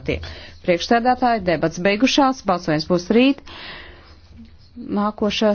notiek. Priekšstādātāji debats beigušās, balsojums būs rīt. Nākošais.